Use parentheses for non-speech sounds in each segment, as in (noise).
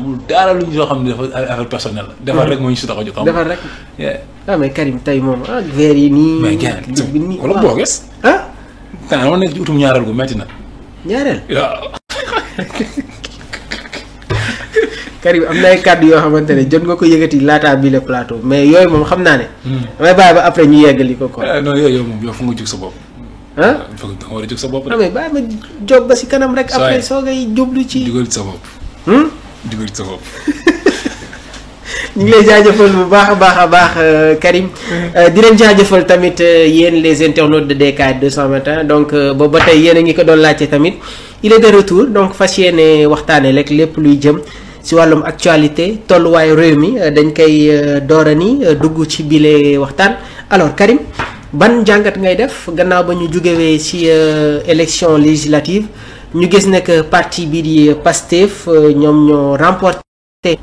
amul dara lu ñu soo xam ne dafa affaire personnelle la. defar rek moo ñu si tax a jóg. defar rek ah Karim tey moom ah verre yi nii. mais gerte wala ah. boo gis. ah. xanaa dama nekk ci utum ñaareel gu metti na. ñaareel waaw. (laughs) Karim am na ay kàddu yoo xamante ne jot nga ko yëgati laataa bi le plateau mais yooyu moom xam naa ne. Hmm. damay bàyyi ba après ñu yeggali ko ko eh, non yooyu moom yow fu nga jóg sa bopp. ah foog nga a jóg sa bopp. non ah, mais ma jóg ba si kanam rek. après soo ngay jublu ci. sa bopp. Hmm? dugal ci sa (laughs) ñu ngi lay jaajëfal bu baax a baax a baax euh, Karim euh, di leen jaajëfal tamit euh, yéen les internautes de DK 221 donc boobu ba tey yéen a ngi ko doon laajte tamit il est de retour donc fas yéene waxtaanee rek lépp luy jëm si wàllum actualité tolluwaayu réew mi dañ koy doorani dugg ci bile waxtaan alors Karim ban jàngat ngay def gannaaw ba ñu jugewee ci élection législative. ñu gis ne que parti bii di Pastef euh, ñoom ñoo remporté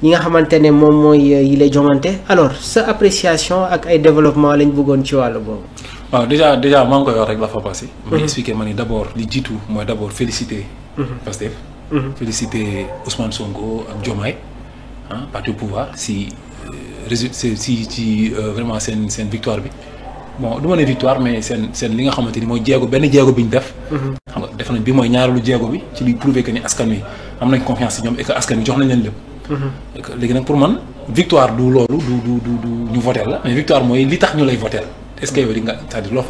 ñi nga xamante ne moom mooy euh, lay jongante alors sa appréciation ak ay développement lañ bëggoon ci wàll boobu. waaw ah, déjà déjà maa ngi koy wax rek la fa ma mhm. expliqué ma ni d'abord li jiitu mooy d'abord féliciter. Mhm. Pastef. Mhm. féliciter Ousmane Sonko ak Diomaye ah parti au pouvoir si euh, résultat si ci vraiment seen seen victoire bi bon du ma ne victoire mais seen seen li nga xamante ni mooy jéego benn jéego bi ñu def. defe na bi mooy ñaareelu jéego bi ci li prouver que ni askan wi am nañ confiance ci ñoom et askan wi jox nañ leen lépp. léegi nag pour man victoire du loolu du du du ñu voté la mais victoire mooy li tax ñu lay voté est yow di nga cest dal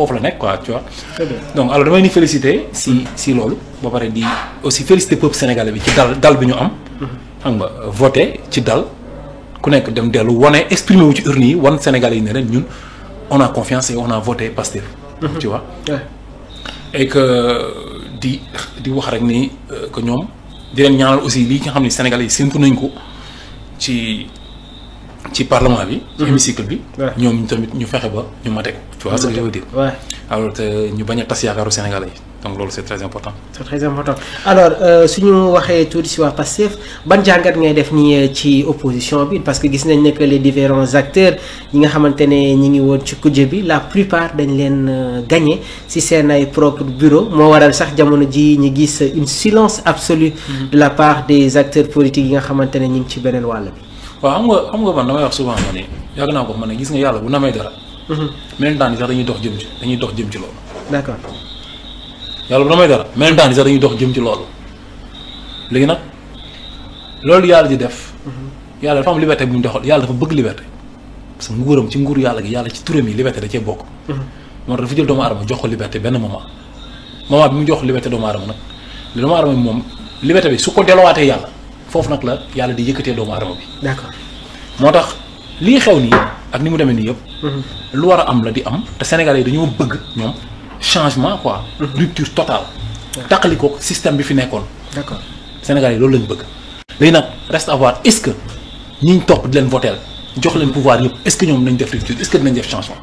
dal bi ñu am. xam nga voté ci dal ku nekk dem dellu wane exprimer wu ci urne yi wan sénégalais yi ne leen ñun on a confiance et on a voté Pastef. Mhm. tu que di di wax rek ni ko euh, ñoom di leen ñaanal aussi lii nga xam ne sénégal yi séntu nañ ko ci ci parlement bi. ci mhm. hémicycle bi. ñoom ñu tamit ñu fexe ba ñu ma ko. tu vois ce que je veux dire. Euh, ñu bañ a tas yaakaaru Sénégalais yi. donc loolu c'est très important. c'est très important euh, waxee tuuti si waa Pastef ban jàngat ngay def nii euh, ci opposition bi parce que gis nañ ne que les différents acteurs yi nga xamante ne ñi ngi woon ci kujje bi la plupart dañ leen euh, gagné si seen ay propre bureau moo waral sax jamono ji ñu gis une silence absolue mm-hmm. de la part des acteurs politiques yi nga xamante ne ñi ngi ci beneen wàll bi. waaw xam nga xam nga man damay wax souvent ma ne yàgg naa ko ma ne gis nga yàlla bu namee dara. même mm-hmm. temps yi sax dañuy dox jëm ci dañuy dox jëm yàlla bu damay dara même temps sax dañuy dox jëm ci loolu léegi nag loolu yàlla di def mhm. yàlla dafa am liberté bu mu doxal yàlla dafa bëgg liberté parce que nguuram ci nguur yàlla gi yàlla ci turam yi liberté da cee bokk mhm. moo tax dafa jël doomu aadama ko liberté benn moment moment bi mu jox liberté doomu aadama nag li doomu aadama bi moom liberté bi su ko delluwaatee yàlla foofu nag la yàlla di yëkkatee doomu aadama bi d'accord moo tax lii xew nii ak ni mu demee nii yëpp mhm. lu war a am la di am te yi dañoo bëgg ñoom changement quoi. Mhm. rupture totale. taqali ko système bi fi nekkoon. d'accord Sénégal yi loolu lañ bëgg. léegi nag reste à voir est que ñiñ topp di leen voté jox leen pouvoir yëpp est-ce ñoom nañ def rupture est-ce que dinañ def changement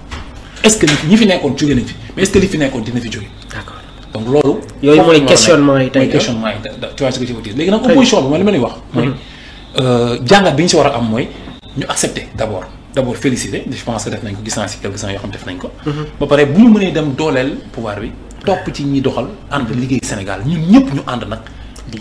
est-ce que ñi fi nekkoon jóge nañ fi mais est li fi nekkoon dina fi jóge. d'accord donc loolu. yooyu mooy ah. questionnement yi tey mooy léegi nag opposition bi mooy li ma lay wax. mooy mhm. euh, bi ñu si war a am mooy ñu accepter d'abord. d' abord félicité je pense que def nañ ko gis naa si quelques uns yoo xam def nañ ko. Mhm. ba pare bu ñu mënee dem dooleel pouvoir bi. topp ci ñi doxal ànd liggéey Sénégal ñun ñëpp ñu ànd nag.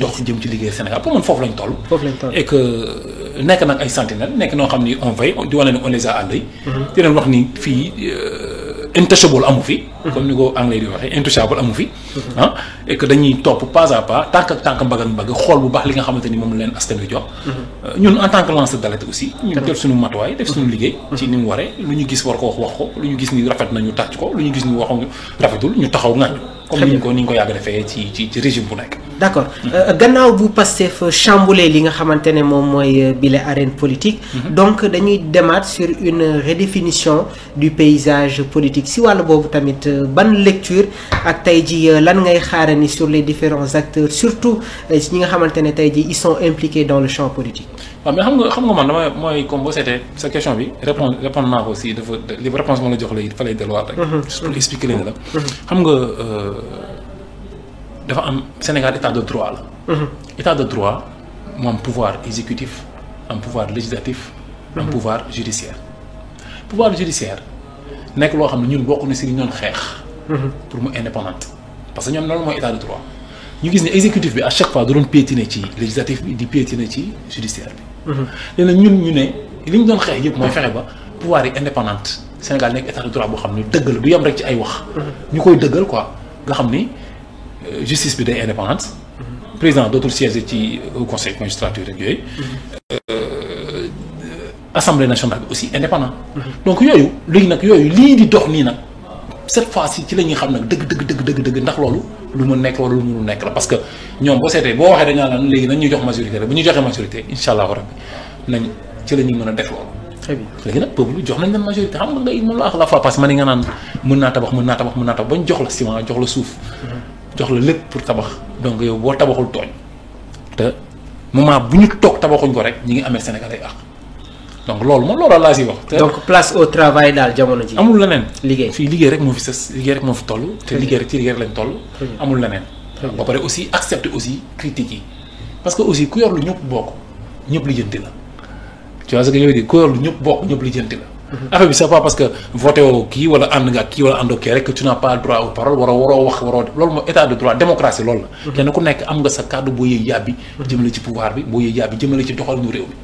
dox jëm ci liggéey Sénégal pour man foofu lañ toll. foofu lañ toll et euh, nekk nag ay sentinelle nekk noo xam ni on di wane ni on les a àndee. Mhm. di leen wax ni fii. Euh, intouchable amu fi. Mhm. comme ni ko anglais di waxee intouchable amu fi. ah et dañuy topp pas à pas tànk ak tànk mbagg ak mbagg xool bu baax li nga xamante ni moom leen askan wi jox. Mhm. Euh, ñun en tant que lanceur d'alerte aussi. ñu jël suñu matuwaay def suñu liggéey. Mhm. ci ni mu waree lu ñu gis war ko wax wax ko lu ñu gis ni rafet na ñu ko lu ñu gis ni waxu rafetul ñu taxaw ŋàññ. comme ni ñu ko ni ñu ko yàgg defee ci ci ci régime bu nekk. d' accord euh, gannaaw bu Pastef chamboulé li nga xamante ne moom mooy euh, bile arène politique. Mhm. donc dañuy demaat sur une redéfinition du paysage politique si wàll boobu tamit euh, ban lecture ak tey ji lan ngay ni sur les différents acteurs surtout ñi nga xamante ne tey ji ils sont impliqués dans le champ politique. waaw mais xam nga xam nga man dama mooy comme boo seetee sa question bi. répondre répondre naa ko aussi dafa réponse ma la jox léegi fa lay delluwaat rek. Mhm. dafa am Sénégal état de droit la. Mhm. état de droit mu am pouvoir exécutif am pouvoir législatif. am mhm. pouvoir judiciaire. pouvoir judiciaire nekk loo xam ne ñun bokk na si li ñu doon xeex. Mhm. pour mu indépendante parce que ñoom loolu mooy état de droit ñu gis ne exécutif bi à chaque fois da doon piétiner ci législatif bi di piétiner ci judiciaire bi. léegi ñun ñu ne li ñu doon xeex yëpp mooy fexe ba pouvoir yi indépendante Sénégal nekk état de droit boo xam ne dëggal du yem rek ci ay wax. ñu koy dëggal quoi nga ni. Euh, justice bi day indépendante président dootul siège ci euh, au conseil magistrature ak yooyu euh, assemblée nationale bi aussi indépendant donc yooyu léegi nag yooyu lii di dox nii nag cette fois-ci ci la ñuy xam nag dëgg dëgg dëgg dëgg dëgg ndax loolu lu mu nekk wala lu mu nekk la parce que ñoom boo seetee boo waxee dañaa lan léegi nañ ñu jox majorité bu ñu joxee majorité insha allahu rabbi nañ ci la mën a def loolu très bien léegi nag peuple jox nañ leen majorité xam nga ngay moom la ak la fois parce nga naan mën naa tabax mën naa tabax mën naa ba ñu jox la ciment jox la suuf jox la lépp pour tabax donc yow boo tabaxul tooñ te moment bu ñu toog tabaxuñ ko rek ñu ngi amee Sénégal ay àq donc loolu moom loolu laa si wax. donc place au travail daal jamono ji amul leneen. liggéey fii liggéey rek moo fi sës liggéey rek moo fi toll. te liggéey rek ci liggéey rek lañ toll. amul leneen. ba pare aussi accepter aussi critiques yi parce que aussi ku lu ñëpp bokk ñëpp lijjanti la. tu vois ce que je veux dire ñëpp bokk ñëpp lijjanti la. affaire ah bi c'est parce que voté woo kii wala ànd nga kii wala àndoo rek tu n'as pas droit aux paroles waroo wax waroo loolu mooy état de droit démocratie loolu la. Mhm. kenn ku nekk am nga sa kàddu boo yëy yàbbi. jëmale ci pouvoir bi boo yëy yàbbi jëmale ci doxalinu réew mi.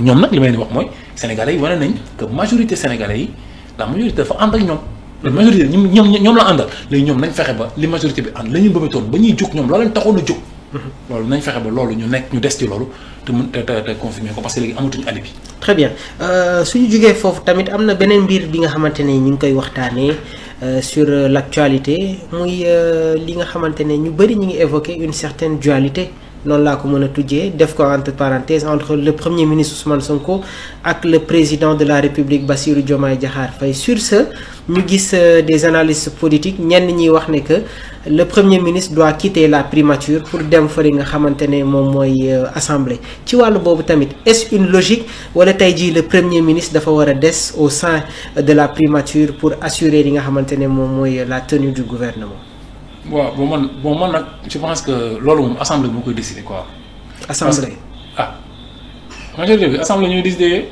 Mhm. ñoom nag li may leen wax mooy sénégalais yi wane nañ que majorité sénégalais yi la majorité dafa ànd ak ñoom. Mhm. la ñoom ñoom la àndal léegi ñoom nañ fexe ba li majorité bi ànd la ñu a ñoom loo leen taxoon a loolu nañ fexe ba loolu ñu nekk ñu des ci loolu te mun te te confirmé ko parce que léegi amatuñu alibi. très bien euh, suñu jógee foofu tamit am na beneen mbir bi nga xamante ne ñu ngi koy waxtaanee euh, sur euh, lactualité actualité muy li nga xamante ne ñu bëri ñu ngi évoqué une certaine dualité. noonu laa ko mën a tujjee def ko entre parenthèse entre le premier ministre Ousmane Sonko ak le président de la République Bassirou Diomaye jaxaar Faye sur ce ñu gis euh, des analystes politiques ñenn ñiy wax ne que le premier ministre doit quitter la primature pour dem fëri nga xamante ne moom mooy euh, assemblée ci wàllu boobu tamit est une logique wala tey jii le premier ministre dafa war a des au sein de la primature pour assurer li nga xamante ne moom mooy euh, la tenue du gouvernement. waaw bon man bon man nag je pense que loolu moom assemblée moo koy décider quoi. assemblée ah majorité bi assemblée ñooy décider.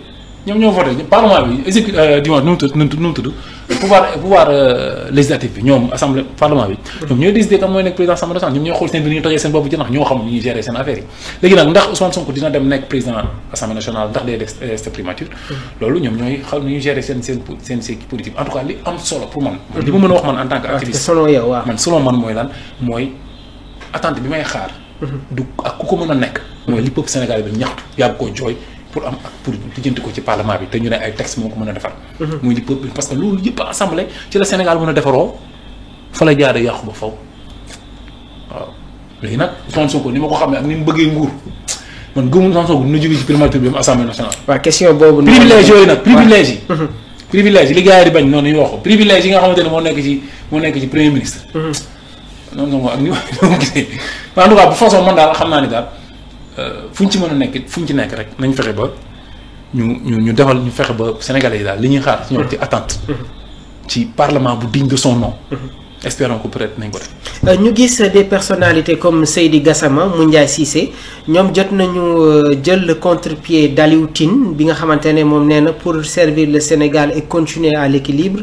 ñoom ñoo voté parlement bi exécu euh, dimanche nu mu tudd pouvoir pouvoir euh, législatif bi ñoom assemblée parlement bi. Mm-hmm. ñoom ñooy décidé kan mooy nekk président assemblée nationale ñoo xam ñu gérer seen euh, mm-hmm. seen seen seen seen politique en tout cas li am solo pour man. Mm-hmm. ma mën a wax man en tant que activiste. Ah, selon yow mooy bi may xaar. du nekk. mooy li peuple sénégalais bi ñaxtu yàgg koo jooy pour am ak pour lijjanti ko ci parlement bi te ñu ne ay texte moo ko mën a defar. Mhm. muy li peuple parce que loolu yëpp assemblée ci la Sénégal mën a defaroo fa la jaaree yàqu ba faw waaw léegi nag Ousmane Sonko ni ma ko xamee ak ni mu bëggee nguur man gëmul Ousmane Sonko dina jógee ci primature bi am assemblée nationale. waaw question boobu. privilège yooyu nag privilège yi. Mhm. privilège yi li gars yi di bañ noonu ñu wax ko privilège yi nga xamante ne moo nekk ci moo nekk ci premier ministre. Mhm. noonu la ak ni ma ko gisee en tout cas bu façon man daal xam naa ni daal. Euh, fu ñu ci mën a nekk fu ñu ci nekk rek nañ fexe ba ñu ñu ñu defal ñu fexe ba sénégalais yi daal li ñuy xaar. ci ñoom ci attente. ci parlement bu digne de son nom. espérons que peut-être nañ ko def. Euh, ñu gis des personnalités comme Seydi Gassama Moundiaye Cissé ñoom jot nañu euh, jël le contre-pied d'Aliou bi nga xamante ne moom nee na pour servir le Sénégal et continuer à l'équilibre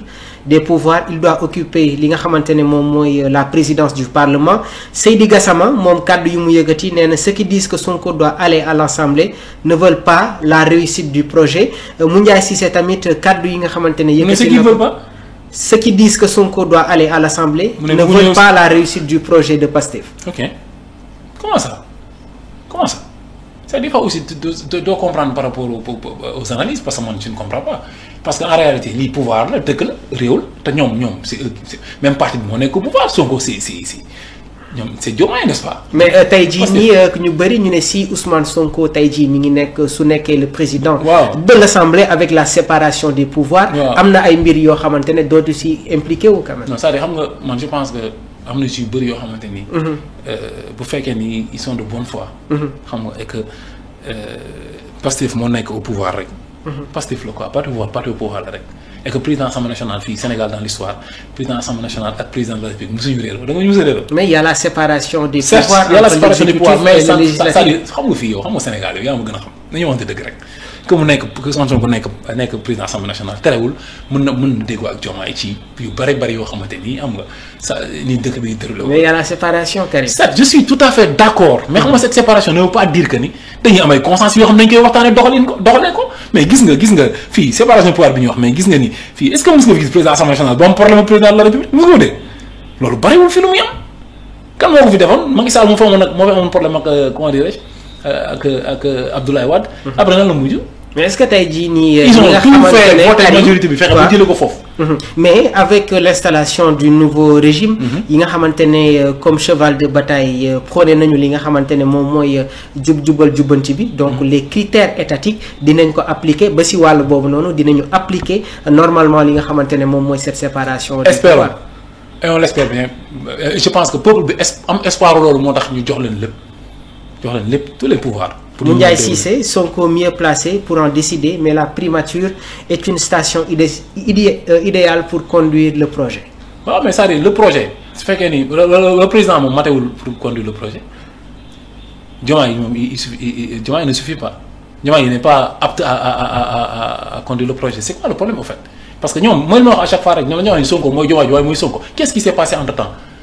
des pouvoirs il doit occuper li nga xamante ne moom mooy euh, la présidence du parlement Seydi sama moom kàddu yu mu yëkkati nee na ceux qui disent que Sonko doit aller à l'Assemblée ne veulent pas la réussite du projet euh, Moundiaye Cissé tamit euh, kaddu yi nga xamante ne. yëkkati na ko ceux qui disent que Sonko doit aller à l'Assemblée ne veulent pas la réussite du projet de Pastef. ok ça des fois aussi doo comprendre par rapport aux analyses parce que man je ne comprends pas parce que en réalité lii pouvoir la dëkk la réew la te ñoom ñoom c'est même parti bi moo nekk pouvoir Sonko si si si ñoom c'est Diomaye nest pas. mais euh, tey jii nii euh, ñu bëri ñu ne si Ousmane Sonko tey jii mi ngi nekk euh, su nekkee le président. waaw de l'Assemblée avec la séparation des pouvoirs. am na ay mbir yoo xamante ne dootu si impliqué wu quand même. non xam nga man je pense que. am na si yu bëri yoo xamante ni. Mhm. Euh, bu fekkee ni ils sont de bonne foi. Mhm. xam nga et que euh, Pastef moo nekk au pouvoir rek. Mhm. Pastef la quoi parti pouvoir au pouvoir la rek. et président assemblée nationale fii Sénégal dans l'histoire président assemblée nationale ak président de la République mosuñu réeroo a la séparation des pouvoirs. la séparation des pouvoirs mais cest à xam nga fii yow xam nga Sénégal yow yaa ma gën a xam nañu waxante dëgg rek. que mu nekk président assemblée nationale terewul mën na mën na déggoo ak Diomaye ci yu bëri bëri yoo xamante ni am nga sa ni dëkk bi tëraloo. mais y mais xam nga koy waxtaanee doxalin ko doxalee ko mais gis nga gis nga fii séparation pouvoir bi ñuy wax mais gis nga ni fii est ce que mos nga gis président assemblée nationale ba am problème président de la république mos loolu bëriwul fi lu muy am kan moo ko fi defoon Macky Sall mu fa mais ce que tey jii nii. ils fait voté bi fexe ba jëlee ko foofu. Mhm. mais avec euh, l'installation du nouveau régime. Mhm. yi nga xamante ne euh, comme cheval de bataille euh, prôné nañu li nga xamante ne moom mooy jub jubal jubbanti bi. donc mhm. les critères étatiques dinañ ko appliquer ba si wàll boobu noonu dinañu appliquer normalement li nga xamante ne moom mooy cette séparation. espérons et on je pense que peuple bi am espoir loolu moo tax ñu jox leen lépp jox leen lépp tous les pouvoirs. Ndiaye Cissé Sonko mieux placé pour en décider mais la primature est une station euh, idéale pour conduire le projet. waaw mais cest à le projet su fekkee ni le président moom matewul pour conduire le projet Diomaye moom il suffit Diomaye ne suffit pas Diomaye il n'est pas apte à conduire le projet c'est quoi le problème en fait parce que ñoom mooy chaque fois rek ñoom ñoo xam ne Sonko mooy Diomaye Diomaye mooy Sonko qu'est-ce qui s'est passé entre temps.